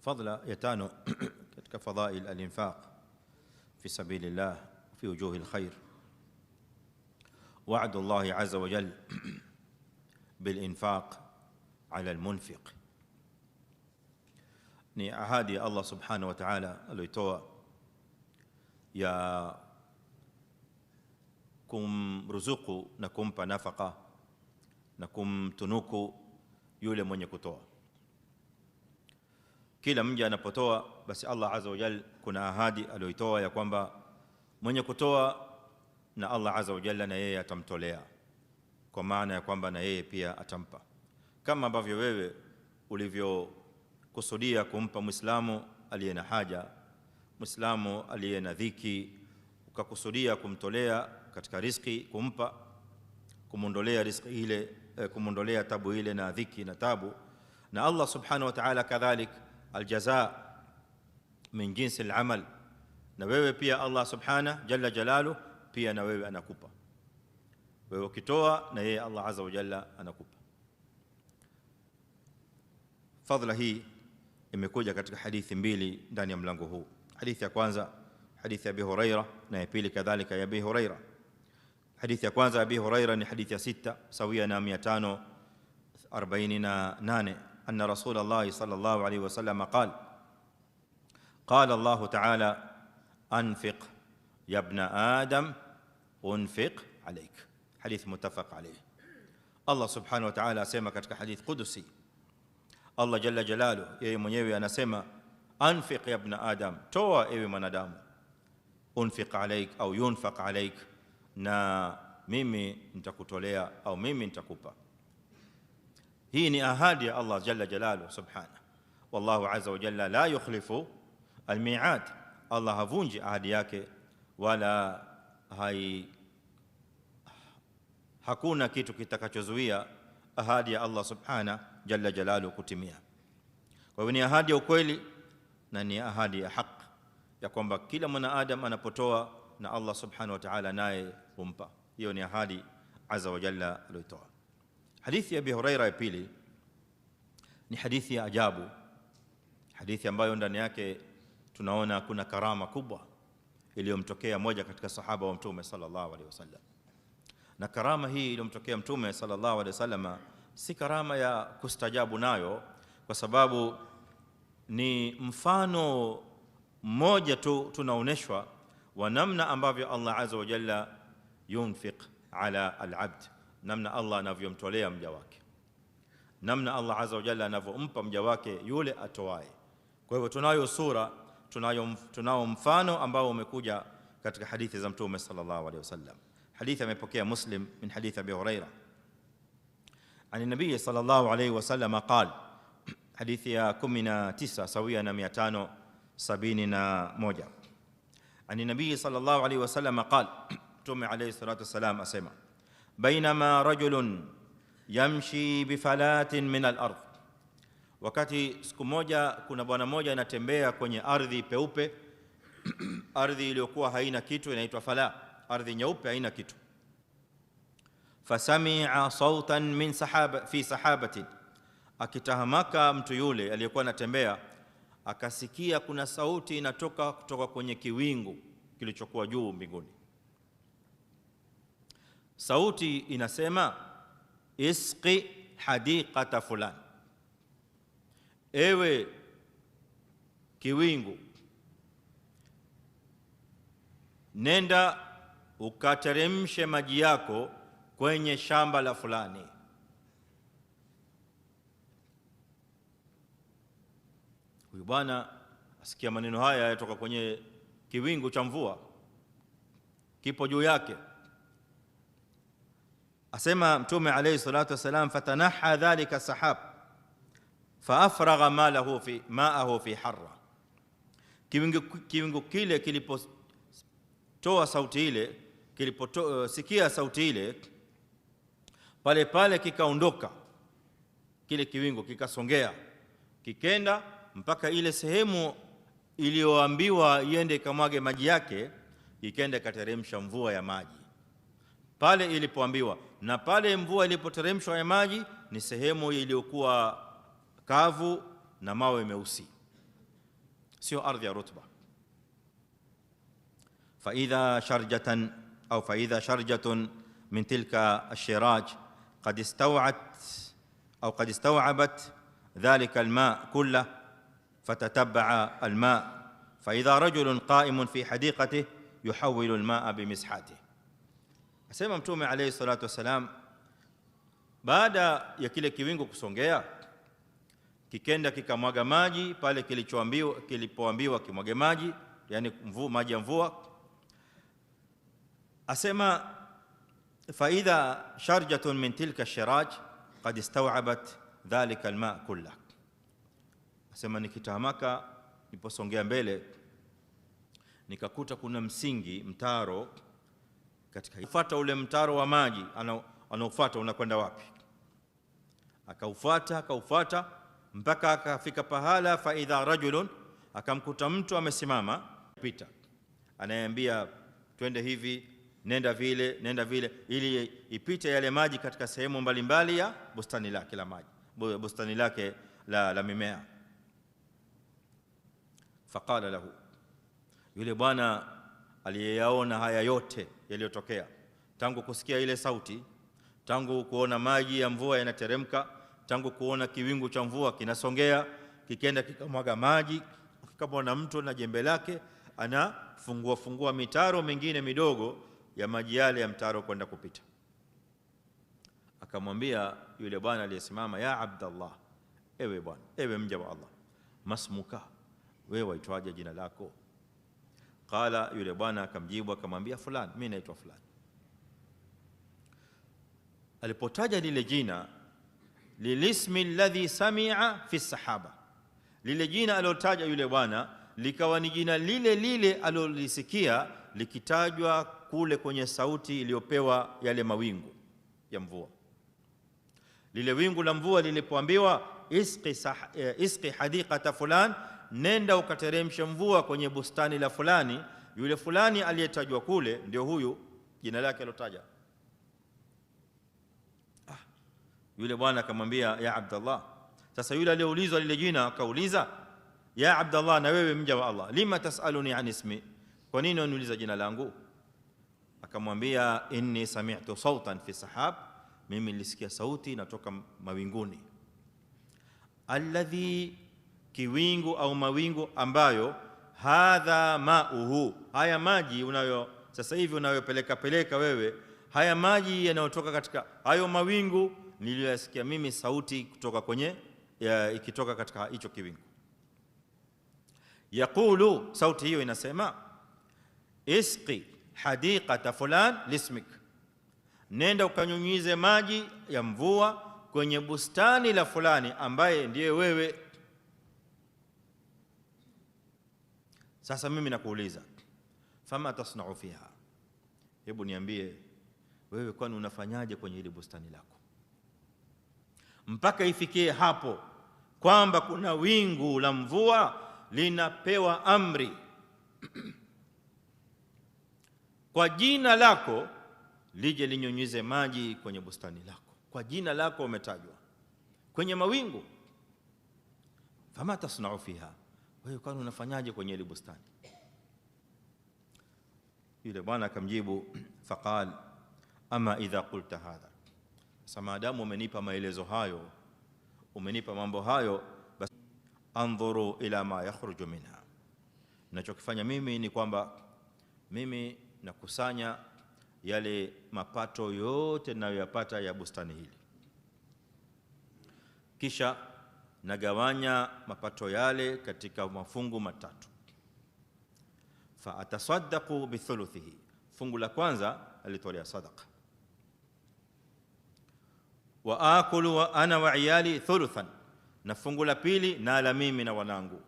فضل يتان كفضائل الإنفاق في سبيل الله في وجوه الخير وعد الله عز وجل بالإنفاق على المنفق ni ahadi ya Allah subhanahu wa ta'ala aliyoitoa ya kumruzuku na kumpa nafaka na kumtunuku yule mwenye kutoa Kila mja anapotoa basi Allah azza wa jalla kuna ahadi aliyoitoa ya kwamba mwenye kutoa na Allah azza wa jalla na yeye atamtolea, kwa maana ya kwamba na yeye pia atampa, kama ambavyo wewe ulivyokusudia kumpa Muislamu aliye na haja, Muislamu aliye na dhiki, ukakusudia kumtolea katika riski kumpa kumondolea riski ile, eh, kumondolea tabu ile na dhiki na tabu, na Allah subhanahu wa ta'ala kadhalik aljaza min jinsi alamal, na wewe pia Allah subhana jalla jalalu pia na wewe anakupa wewe ukitoa, na yeye Allah azza wa jalla anakupa. Fadhila hii imekuja katika hadithi mbili ndani ya mlango huu. Hadithi ya kwanza hadithi ya Abi Huraira na ya pili kadhalika ya Abi Huraira. Hadithi ya kwanza ya Abi Huraira ni hadithi ya sita sawia na 548 ان رسول الله صلى الله عليه وسلم قال قال الله تعالى انفق يا ابن ادم انفق عليك حديث متفق عليه الله سبحانه وتعالى اسمع كتابه حديث قدسي الله جل جلاله من يي أنا anasema انفق يا ابن ادم توى ايوي آدم انفق عليك او ينفق عليك na mimi nitakutolea أو ميمي nitakupa hii ni ahadi ya Allah jalla jalaluhu subhanahu wallahu azza wa jalla la yukhlifu almi'ad Allah havunji ahadi yake wala hai hakuna kitu kitakachozuia ahadi ya Allah subhana jalla jalaluhu kutimia kwa hivyo ni ahadi ya ukweli na ni ahadi ya haki ya kwamba kila mwanadamu anapotoa na Allah subhanahu wa ta'ala naye humpa hiyo ni ahadi azza wa jalla aliyotoa Hadithi ya Abi ya pili ni hadithi ya ajabu, hadithi ambayo ndani yake tunaona kuna karama kubwa iliyomtokea moja katika sahaba wa Mtume sallallahu alaihi wasallam. Na karama hii iliyomtokea Mtume sallallahu alaihi wasallam si karama ya kustajabu nayo, kwa sababu ni mfano mmoja tu tunaonyeshwa wa namna ambavyo Allah azza wa jalla yunfiq ala alabd namna Allah anavyomtolea mja wake, namna Allah azza wa jalla anavyompa mja wake yule atoaye. Kwa hivyo tunayo sura, tunayo tunao mfano ambao umekuja katika hadithi za Mtume sallallahu alaihi wasallam. Hadithi amepokea Muslim min hadith Abi Huraira an nabii sallallahu alaihi wasallam qala, hadithi ya 19 sawia na 571 an nabii sallallahu alaihi wasallam qala, Mtume alaihi salatu wassalam asema bainama rajulun yamshi bifalatin min al-ardh, wakati siku moja kuna bwana mmoja anatembea kwenye ardhi peupe ardhi iliyokuwa haina kitu inaitwa fala, ardhi nyeupe haina kitu. Fasamia sautan min sahaba, fi sahabatin, akitahamaka mtu yule aliyekuwa anatembea akasikia kuna sauti inatoka kutoka kwenye kiwingu kilichokuwa juu mbinguni sauti inasema isqi hadiqata fulani, ewe kiwingu, nenda ukateremshe maji yako kwenye shamba la fulani. Huyu bwana asikia maneno haya yatoka kwenye kiwingu cha mvua, kipo juu yake asema mtume alayhi salatu wasalam, fatanaha dhalika sahab faafragha malahu fi maahu fi harra, kiwingu, kiwingu kile kilipotoa sauti ile kiliposikia eh, uh, sauti ile pale pale kikaondoka kile kiwingu kikasongea kikenda mpaka ile sehemu iliyoambiwa iende ikamwage maji yake, ikenda ikateremsha mvua ya maji pale ilipoambiwa na pale mvua ilipoteremshwa ya maji ni sehemu iliyokuwa kavu na mawe meusi, sio ardhi ya rutba. faidha sharjatan au faidha sharjatun min tilka ashiraj qad istawat au qad istawabat dhalika alma kullah fatatabaa alma faidha rajulun qaimun fi hadiqatihi yuhawilu almaa bimishatihi Asema Mtume alayhi salatu wassalam, baada ya kile kiwingu kusongea kikenda kikamwaga maji pale kilichoambiwa, kilipoambiwa kimwage maji, yani mvua, maji ya mvua. Asema faidha sharjatun min tilka shiraj qad istawabat dhalika alma kullah. Asema nikitamaka niposongea mbele nikakuta kuna msingi, mtaro katika ifuata ule mtaro wa maji anaofuata unakwenda wapi? Akaufuata, akaufuata mpaka akafika pahala, fa idha rajulun, akamkuta mtu amesimama pita, anayeambia twende hivi, nenda vile, nenda vile, ili ipite yale maji katika sehemu mbalimbali ya bustani lake la maji, bustani lake la, la mimea. Faqala lahu, yule bwana aliyeyaona haya yote yaliyotokea, tangu kusikia ile sauti, tangu kuona maji ya mvua yanateremka, tangu kuona kiwingu cha mvua kinasongea kikenda kikamwaga maji, kama na mtu na jembe lake anafungua fungua mitaro mingine midogo ya maji yale ya mtaro kwenda kupita. Akamwambia yule bwana aliyesimama, ya Abdallah, ewe bwana, ewe mja wa Allah, masmuka, wewe waitwaje jina lako? Qala, yule bwana akamjibu akamwambia, fulani, mimi naitwa fulani. Alipotaja lile jina lilismi alladhi samia fi sahaba, lile jina alilotaja yule bwana likawa ni jina lile lile alilolisikia likitajwa kule kwenye sauti iliyopewa yale mawingu ya mvua. Lile wingu la mvua lilipoambiwa isqi, eh, isqi hadiqata fulan nenda ukateremshe mvua kwenye bustani la fulani. Yule fulani aliyetajwa kule ndio huyu, jina lake alotaja. Ah, yule bwana akamwambia ya Abdallah. Sasa yule aliyeulizwa lile jina akauliza, ya Abdallah, na wewe mja wa Allah, lima tasaluni an ismi, kwa nini uniuliza jina langu? Akamwambia, inni sami'tu sautan fi sahab, mimi nilisikia sauti natoka mawinguni alladhi kiwingu au mawingu ambayo hadha mauhu, haya maji unayo sasa hivi unayopeleka peleka wewe, haya maji yanayotoka katika hayo mawingu niliyoyasikia mimi sauti kutoka kwenye ya, ikitoka katika hicho kiwingu. Yaqulu, sauti hiyo inasema isqi hadiqata fulan lismik, nenda ukanyunyize maji ya mvua kwenye bustani la fulani ambaye ndiye wewe Sasa mimi nakuuliza, fama tasnau fiha, hebu niambie wewe, kwani unafanyaje kwenye ile bustani lako mpaka ifikie hapo kwamba kuna wingu la mvua linapewa amri kwa jina lako lije linyunyize maji kwenye bustani lako. Kwa jina lako umetajwa kwenye mawingu, fama tasnau fiha wewe kwani unafanyaje kwenye ile bustani? Yule bwana akamjibu, faqal ama idha qulta hadha, sasa maadamu umenipa maelezo hayo, umenipa mambo hayo, basi andhuru ila ma yakhruju minha, ninachokifanya mimi ni kwamba mimi nakusanya yale mapato yote ninayoyapata ya bustani hili kisha nagawanya mapato yale katika mafungu matatu. Fa atasaddaqu bithuluthihi, fungu la kwanza alitolea sadaqa. Wa akulu wa ana wa iyali thuluthan, na fungu la pili nala mimi na wanangu.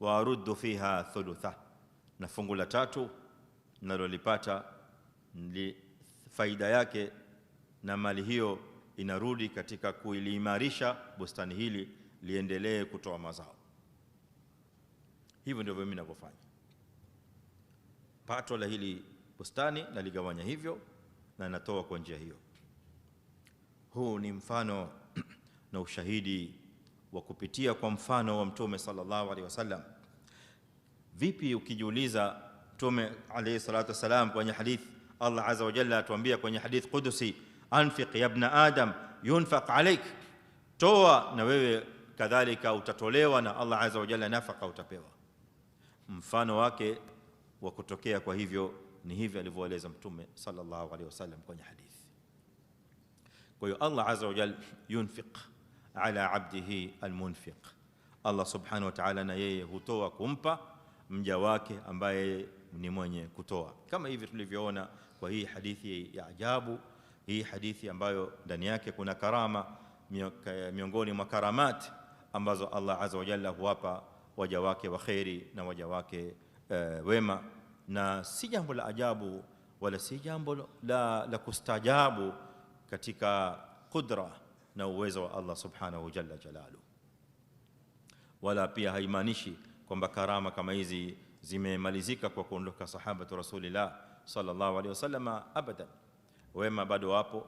Wa aruddu fiha thulutha, na fungu la tatu nalolipata faida yake na mali hiyo inarudi katika kuliimarisha bustani hili liendelee kutoa mazao. Hivyo ndivyo mimi ninavyofanya. Pato la hili bustani naligawanya hivyo na natoa kwa njia hiyo. Huu ni mfano na ushahidi wa kupitia kwa mfano wa Mtume sallallahu alaihi wasallam. Vipi ukijiuliza, Mtume alaihi salatu wasalam kwenye hadith Allah azza wa jalla atuambia kwenye hadith qudusi anfiq ya ibn adam yunfaq alaik, toa na wewe kadhalika utatolewa na Allah azza wa jalla, nafaka utapewa. Mfano wake wa kutokea kwa hivyo ni hivi alivyoeleza Mtume sallallahu alaihi wasallam kwenye hadithi. Kwa hiyo Allah azza wa jalla yunfiq ala abdihi almunfiq, Allah subhanahu wa ta'ala na yeye hutoa kumpa mja wake ambaye ni mwenye kutoa, kama hivi tulivyoona kwa hii hadithi ya ajabu hii hadithi ambayo ndani yake kuna karama miongoni mwa karamati ambazo Allah azza wa jalla huwapa waja wake wa kheri na waja wake e, wema, na si jambo la ajabu wala si jambo la, la kustajabu katika kudra na uwezo wa Allah subhanahu jalla jalalu, wala pia haimaanishi kwamba karama kama hizi zimemalizika kwa kuondoka sahabatu rasulillah sallallahu alaihi wasallam abadan wema bado wapo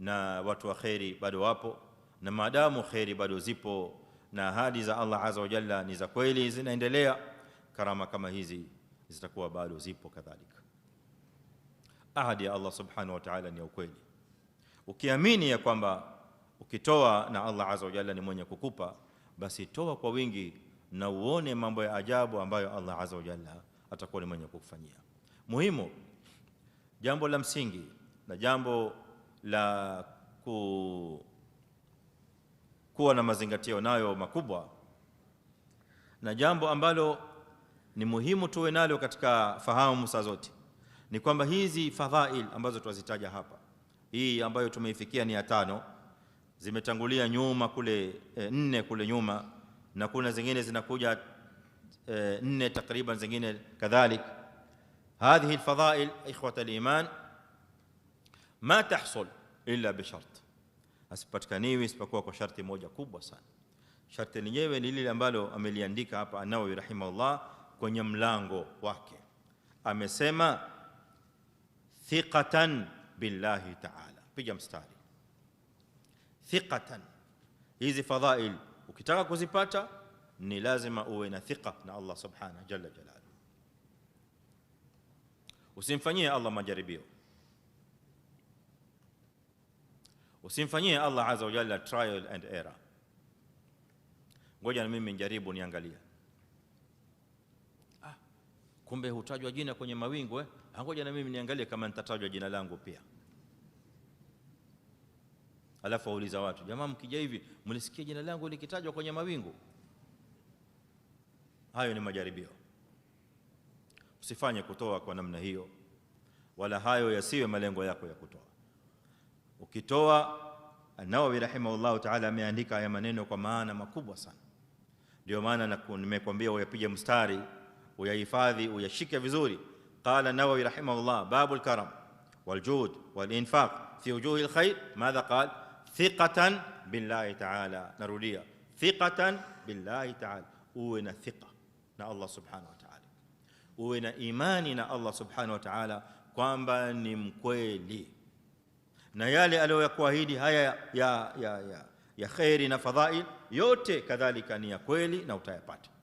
na watu wa kheri bado wapo, na maadamu kheri bado zipo na ahadi za Allah azza wa jalla ni za kweli, zinaendelea, karama kama hizi zitakuwa bado zipo. Kadhalika, ahadi ya Allah subhanahu wa ta'ala ni ya ukweli. Ukiamini ya kwamba ukitoa na Allah azza wa jalla ni mwenye kukupa, basi toa kwa wingi na uone mambo ya ajabu ambayo Allah azza wa jalla atakuwa ni mwenye kukufanyia. Muhimu, jambo la msingi na jambo la ku, kuwa na mazingatio nayo makubwa na jambo ambalo ni muhimu tuwe nalo katika fahamu saa zote ni kwamba hizi fadhail ambazo twazitaja hapa, hii ambayo tumeifikia ni ya tano, zimetangulia nyuma kule e, nne kule nyuma, na kuna zingine zinakuja e, nne takriban, zingine kadhalik. Hadhihi lfadhail ikhwata liman ma tahsul illa bishart, asipatikaniwi isipokuwa kwa sharti moja kubwa sana. Sharti lenyewe ni lile ambalo ameliandika hapa an rahimahullah kwenye mlango wake, amesema thiqatan billahi ta'ala, piga mstari thiqatan. Hizi fadhail ukitaka kuzipata ni lazima uwe na thiqa na Allah subhanahu jalla jalaluhu, usimfanyie Allah majaribio Usimfanyie Allah azza wa jalla trial and error. Ngoja na mimi nijaribu niangalie. Ah, kumbe hutajwa jina kwenye mawingu eh? Ah, ngoja na mimi niangalie kama nitatajwa jina langu pia. Alafu wauliza watu, jamaa, mkija hivi mlisikia jina langu likitajwa kwenye mawingu? Hayo ni majaribio. Usifanye kutoa kwa namna hiyo, wala hayo yasiwe malengo yako ya kutoa. Ukitoa Nawawi rahimahullahu taala ameandika haya maneno kwa maana makubwa sana. Ndio maana nimekwambia uyapige mstari, uyahifadhi, uyashike vizuri. Qala Nawawi rahimahullah, babul karam waljud walinfaq fi wujuhi alkhair. Madha qal thiqatan billahi taala, narudia thiqatan billahi taala, uwe na thiqa na Allah subhanahu wa taala, uwe na imani na Allah subhanahu wa taala kwamba ni mkweli na yale aliyoyakuahidi haya ya, ya, ya, ya kheri na fadhail yote kadhalika ni ya kweli na utayapata.